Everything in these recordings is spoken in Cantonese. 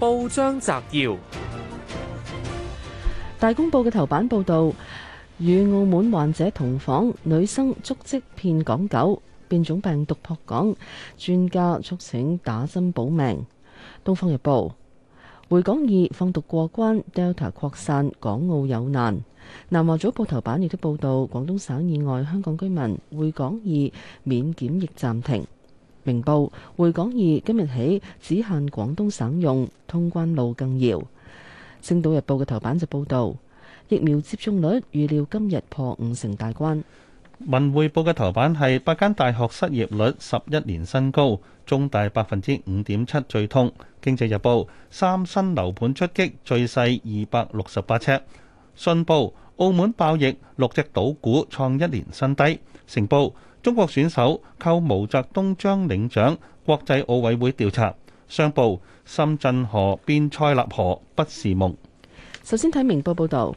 報章摘要：大公報嘅頭版報道，與澳門患者同房女生足跡遍港九，變種病毒撲港，專家促請打針保命。東方日報：回港易放毒過關，Delta 擴散，港澳有難。南華早報頭版亦都報道，廣東省以外香港居民回港易免檢疫暫停。明報，回港易今日起只限廣東省用，通關路更遙。星島日報嘅頭版就報道，疫苗接種率預料今日破五成大關。文匯報嘅頭版係八間大學失業率十一年新高，中大百分之五點七最痛。經濟日報，三新樓盤出擊，最細二百六十八尺。信報，澳門爆疫六隻賭股創一年新低。成報，中國選手靠毛澤東章領獎，國際奧委會調查。商報，深圳河變塞納河不是夢。首先睇明報報道。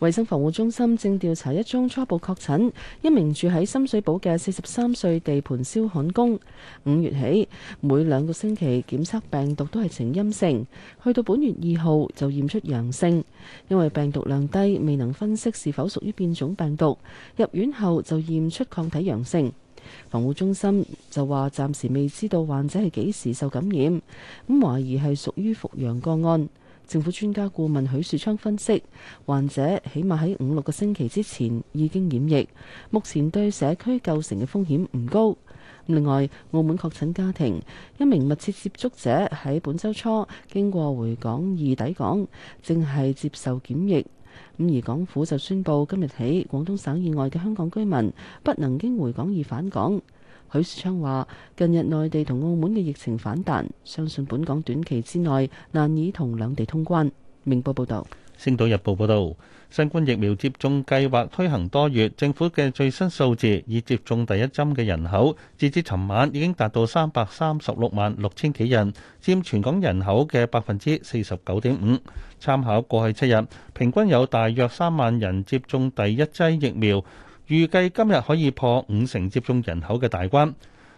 衛生防護中心正調查一宗初步確診，一名住喺深水埗嘅四十三歲地盤燒焊工，五月起每兩個星期檢測病毒都係呈陰性，去到本月二號就驗出陽性。因為病毒量低，未能分析是否屬於變種病毒。入院後就驗出抗體陽性，防護中心就話暫時未知道患者係幾時受感染，咁懷疑係屬於復陽個案。政府專家顧問許樹昌分析，患者起碼喺五六個星期之前已經染疫，目前對社區構成嘅風險唔高。另外，澳門確診家庭一名密切接觸者喺本週初經過回港易抵港，正係接受檢疫。咁而港府就宣布今日起，廣東省以外嘅香港居民不能經回港易返港。許樹昌話：近日內地同澳門嘅疫情反彈，相信本港短期之內難以同兩地通關。明報報道，《星島日報》報道，新冠疫苗接種計劃推行多月，政府嘅最新數字，已接種第一針嘅人口，截至尋晚已經達到三百三十六萬六千幾人，佔全港人口嘅百分之四十九點五。參考過去七日，平均有大約三萬人接種第一劑疫苗。預計今日可以破五成接種人口嘅大關。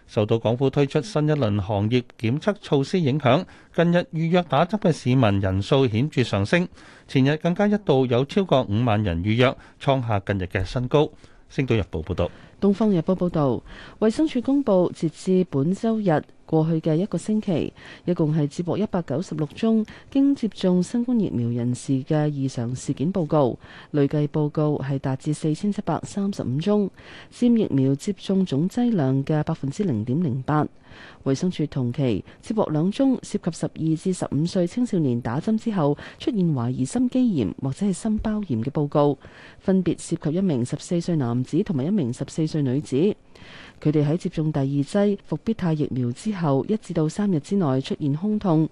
受到港府推出新一輪行業檢測措施影響，近日預約打針嘅市民人數顯著上升。前日更加一度有超過五萬人預約，創下近日嘅新高。星島日報報道。東方日報報道。衛生署公布截至本周日，過去嘅一個星期，一共係接獲一百九十六宗經接種新冠疫苗人士嘅異常事件報告，累計報告係達至四千七百三十五宗，佔疫苗接種總劑量嘅百分之零點零八。衛生署同期接獲兩宗涉及十二至十五歲青少年打針之後出現懷疑心肌炎或者係心包炎嘅報告，分別涉及一名十四歲男子同埋一名十四歲女子，佢哋喺接種第二劑復必泰疫苗之後。後一至到三日之內出現胸痛，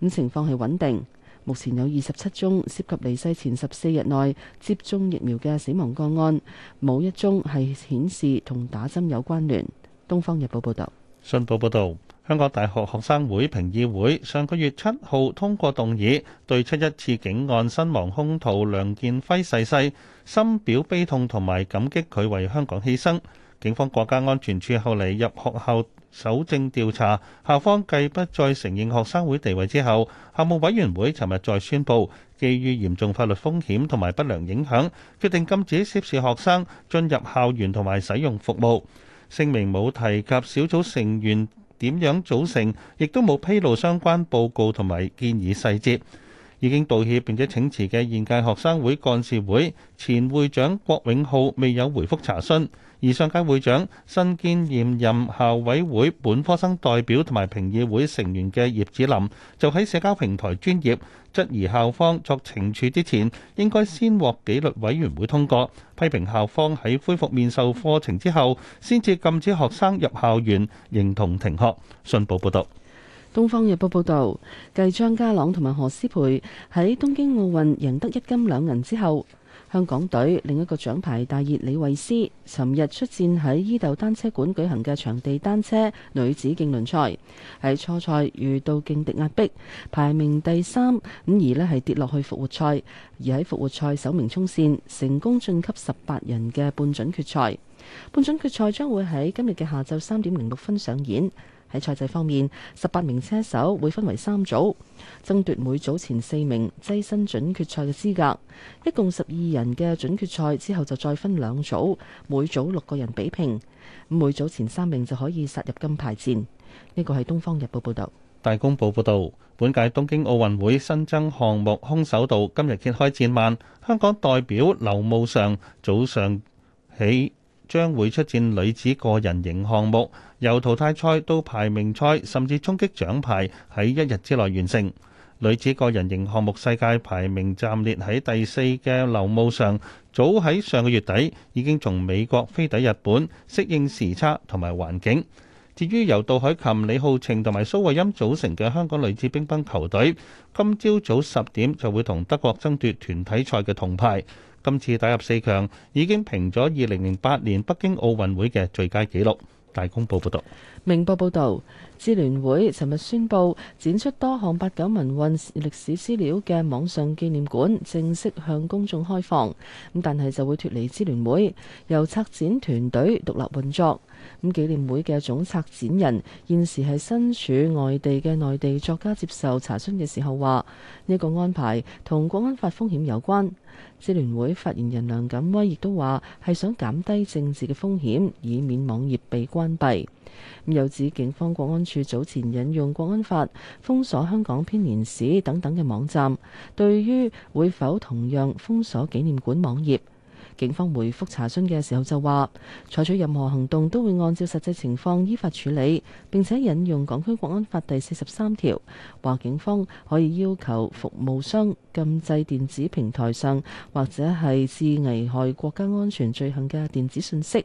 咁情況係穩定。目前有二十七宗涉及離世前十四日內接種疫苗嘅死亡個案，冇一宗係顯示同打針有關聯。東方日報報道，信報報道，香港大學學生會評議會上個月七號通過動議，對七一刺警案身亡兇徒梁建輝逝世，深表悲痛同埋感激佢為香港犧牲。警方國家安全處後嚟入學校搜證調查，校方繼不再承認學生會地位之後，校務委員會尋日再宣佈，基於嚴重法律風險同埋不良影響，決定禁止涉事學生進入校園同埋使用服務。聲明冇提及小組成員點樣組成，亦都冇披露相關報告同埋建議細節。已經道歉並且請辭嘅現屆學生會幹事會前會長郭永浩未有回覆查詢，而上屆會長新兼現任校委會本科生代表同埋評議會成員嘅葉子林就喺社交平台專業質疑校方作懲處之前應該先獲紀律委員會通過，批評校方喺恢復面授課程之後先至禁止學生入校園，認同停學。信報報道。《東方日報》報導，繼張家朗同埋何詩蓓喺東京奧運贏得一金兩銀之後，香港隊另一個獎牌大熱李慧詩，尋日出戰喺伊豆單車館舉行嘅場地單車女子競輪賽，喺初賽遇到勁敵壓迫，排名第三，咁而呢係跌落去復活賽，而喺復活賽首名衝線，成功晉級十八人嘅半準決賽。半準決賽將會喺今日嘅下晝三點零六分上演。喺賽制方面，十八名車手會分為三組，爭奪每組前四名躋身準決賽嘅資格。一共十二人嘅準決賽之後就再分兩組，每組六個人比拼，每組前三名就可以殺入金牌戰。呢個係《東方日報》報道，《大公報》報道，本屆東京奧運會新增項目空手道今日揭開戰幔，香港代表劉慕裳早上起將會出戰女子個人型項目，由淘汰賽到排名賽，甚至衝擊獎牌喺一日之內完成。女子個人型項目世界排名暫列喺第四嘅劉慕裳，早喺上個月底已經從美國飛抵日本，適應時差同埋環境。至於由杜凱琹、李皓晴同埋蘇慧音組成嘅香港女子乒乓球隊，今朝早十點就會同德國爭奪團體賽嘅銅牌。今次打入四強已經平咗二零零八年北京奧運會嘅最佳紀錄。大公報報導，明報報導，支聯會尋日宣布展出多項八九民運歷史資料嘅網上紀念館正式向公眾開放。咁但係就會脫離支聯會，由策展團隊獨立運作。咁紀念館嘅總策展人現時係身處外地嘅內地作家，接受查詢嘅時候話：呢個安排同國安法風險有關。支聯會發言人梁錦威亦都話係想減低政治嘅風險，以免網頁被關閉。又指警方國安處早前引用國安法封鎖香港編年史等等嘅網站，對於會否同樣封鎖紀念館網頁？警方回覆查詢嘅時候就話，採取任何行動都會按照實際情況依法處理，並且引用港區國安法第四十三條，話警方可以要求服務商禁制電子平台上或者係致危害國家安全罪行嘅電子訊息。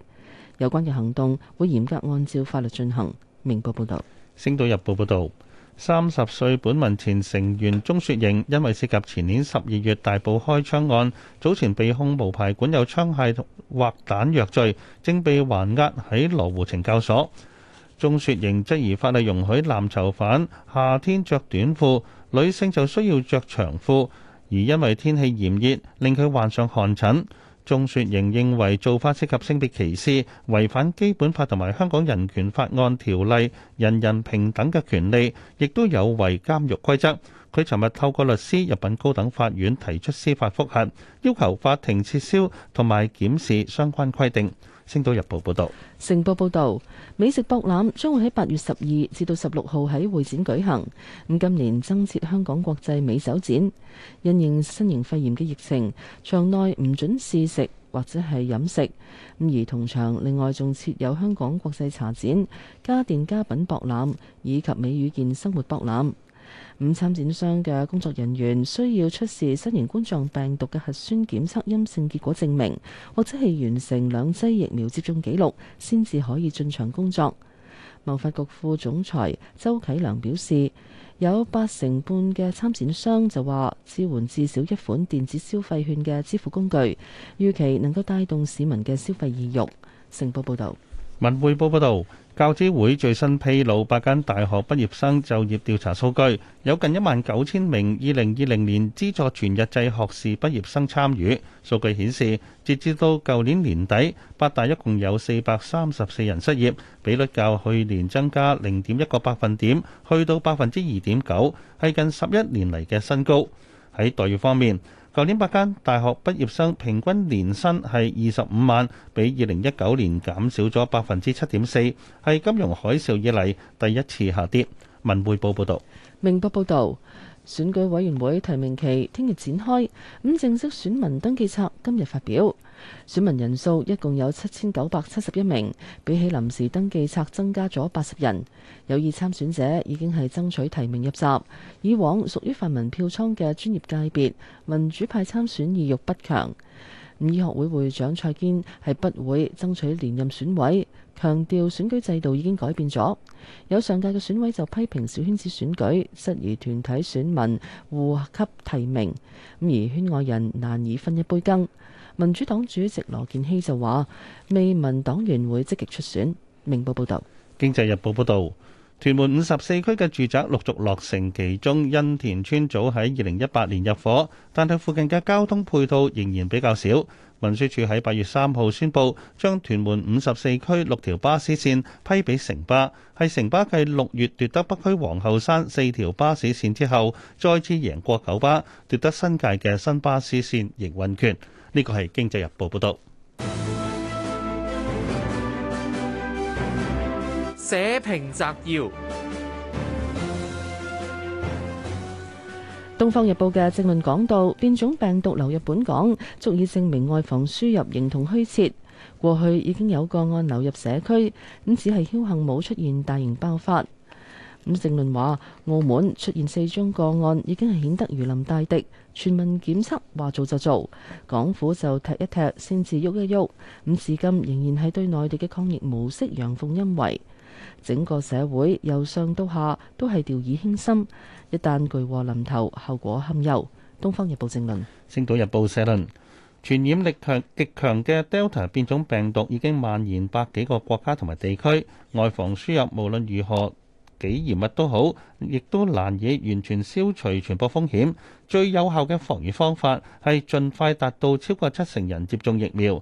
有關嘅行動會嚴格按照法律進行。明報報道。星島日報報道。三十歲本民前成員鍾雪瑩，因為涉及前年十二月大埔開槍案，早前被控無牌管有槍械或彈藥罪，正被還押喺羅湖懲教所。鍾雪瑩質疑法例容許男囚犯夏天着短褲，女性就需要着長褲，而因為天氣炎熱，令佢患上汗疹。仲雪瑩認為做法涉及性別歧視，違反基本法同埋香港人權法案條例，人人平等嘅權利，亦都有違監獄規則。佢尋日透過律師入稟高等法院提出司法覆核，要求法庭撤銷同埋檢視相關規定。星島日報報道，成報報道，美食博覽將會喺八月十二至到十六號喺會展舉行。咁今年增設香港國際美酒展，因應新型肺炎嘅疫情，場內唔准試食或者係飲食。咁而同場另外仲設有香港國際茶展、家電家品博覽以及美與健生活博覽。五參展商嘅工作人員需要出示新型冠狀病毒嘅核酸檢測陰性結果證明，或者係完成兩劑疫苗接種記錄先至可以進場工作。貿發局副總裁周啟良表示，有八成半嘅參展商就話支援至少一款電子消費券嘅支付工具，預期能夠帶動市民嘅消費意欲。成報報導。文匯報報道，教資會最新披露八間大學畢業生就業調查數據，有近一萬九千名二零二零年資助全日制學士畢業生參與。數據顯示，截至到舊年年底，八大一共有四百三十四人失業，比率較去年增加零點一個百分點，去到百分之二點九，係近十一年嚟嘅新高。喺待遇方面，舊年八間大學畢業生平均年薪係二十五萬，比二零一九年減少咗百分之七點四，係金融海嘯以嚟第一次下跌。文匯報報導。明報報導。選舉委員會提名期聽日展開，咁正式選民登記冊今日發表，選民人數一共有七千九百七十一名，比起臨時登記冊增加咗八十人。有意參選者已經係爭取提名入閘。以往屬於泛民票倉嘅專業界別民主派參選意欲不強。咁醫學會會長蔡堅係不會爭取連任選委。強調選舉制度已經改變咗，有上屆嘅選委就批評小圈子選舉，失宜團體選民互給提名，咁而圈外人難以分一杯羹。民主黨主席羅健熙就話：未聞黨員會積極出選。明報報導，《經濟日報》報道，屯門五十四區嘅住宅陸續落成，其中欣田村早喺二零一八年入伙，但係附近嘅交通配套仍然比較少。運輸署喺八月三號宣佈，將屯門五十四區六條巴士線批俾城巴，係城巴繼六月奪得北區皇后山四條巴士線之後，再次贏過九巴，奪得新界嘅新巴士線營運權。呢個係《經濟日報》報道。社評摘要。《東方日報》嘅政論講到，變種病毒流入本港，足以證明外防輸入形同虛設。過去已經有個案流入社區，咁只係僥幸冇出現大型爆發。咁、嗯、政論話，澳門出現四宗個案已經係顯得如臨大敵，全民檢測話做就做，港府就踢一踢先至喐一喐。咁、嗯、至今仍然係對內地嘅抗疫模式陽奉陰違。整個社會由上到下都係掉以輕心，一旦巨禍臨頭，後果堪憂。《東方日報》正論，《星島日報》社論：傳染力強極強嘅 Delta 變種病毒已經蔓延百幾個國家同埋地區，外防輸入無論如何幾嚴密都好，亦都難以完全消除傳播風險。最有效嘅防禦方法係盡快達到超過七成人接種疫苗。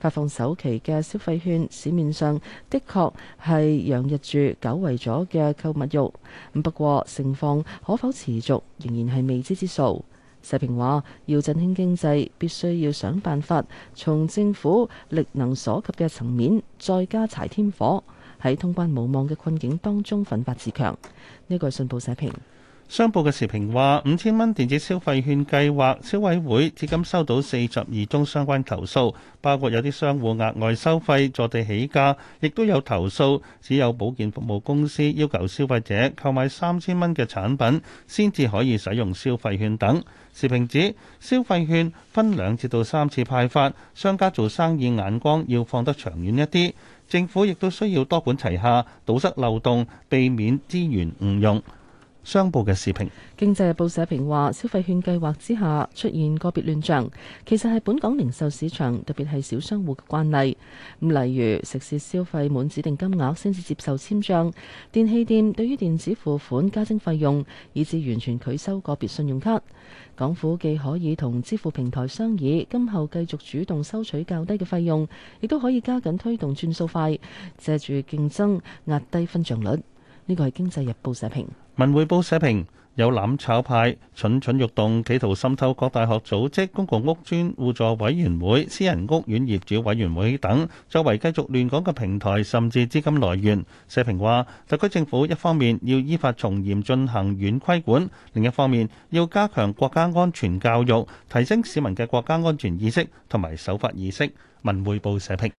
發放首期嘅消費券，市面上的確係洋溢住久違咗嘅購物慾。不過盛況可否持續，仍然係未知之數。社評話：要振興經濟，必須要想辦法從政府力能所及嘅層面再加柴添火，喺通關無望嘅困境當中奮發自強。呢個係信報社評。商報嘅時評話：五千蚊電子消費券計劃消委會至今收到四十二宗相關投訴，包括有啲商戶額外收費、坐地起價，亦都有投訴，只有保健服務公司要求消費者購買三千蚊嘅產品先至可以使用消費券等。時評指消費券分兩次到三次派發，商家做生意眼光要放得長遠一啲，政府亦都需要多管齊下，堵塞漏洞，避免資源誤用。商報嘅視頻，《經濟日報》社評話：消費券計劃之下出現個別亂象，其實係本港零售市場，特別係小商戶嘅慣例。例如食肆消費滿指定金額先至接受簽賬，電器店對於電子付款加徵費用，以至完全拒收個別信用卡。港府既可以同支付平台商議，今後繼續主動收取較低嘅費用，亦都可以加緊推動轉數快，借住競爭壓低分賬率。呢個係《經濟日報》社評，《文匯報》社評有攬炒派蠢蠢欲動，企圖滲透各大學組織、公共屋邨互助委員會、私人屋苑業主委員會等，作為繼續亂港嘅平台，甚至資金來源。社評話：特區政府一方面要依法從嚴進行軟規管，另一方面要加強國家安全教育，提升市民嘅國家安全意識同埋守法意識。《文匯報》社評。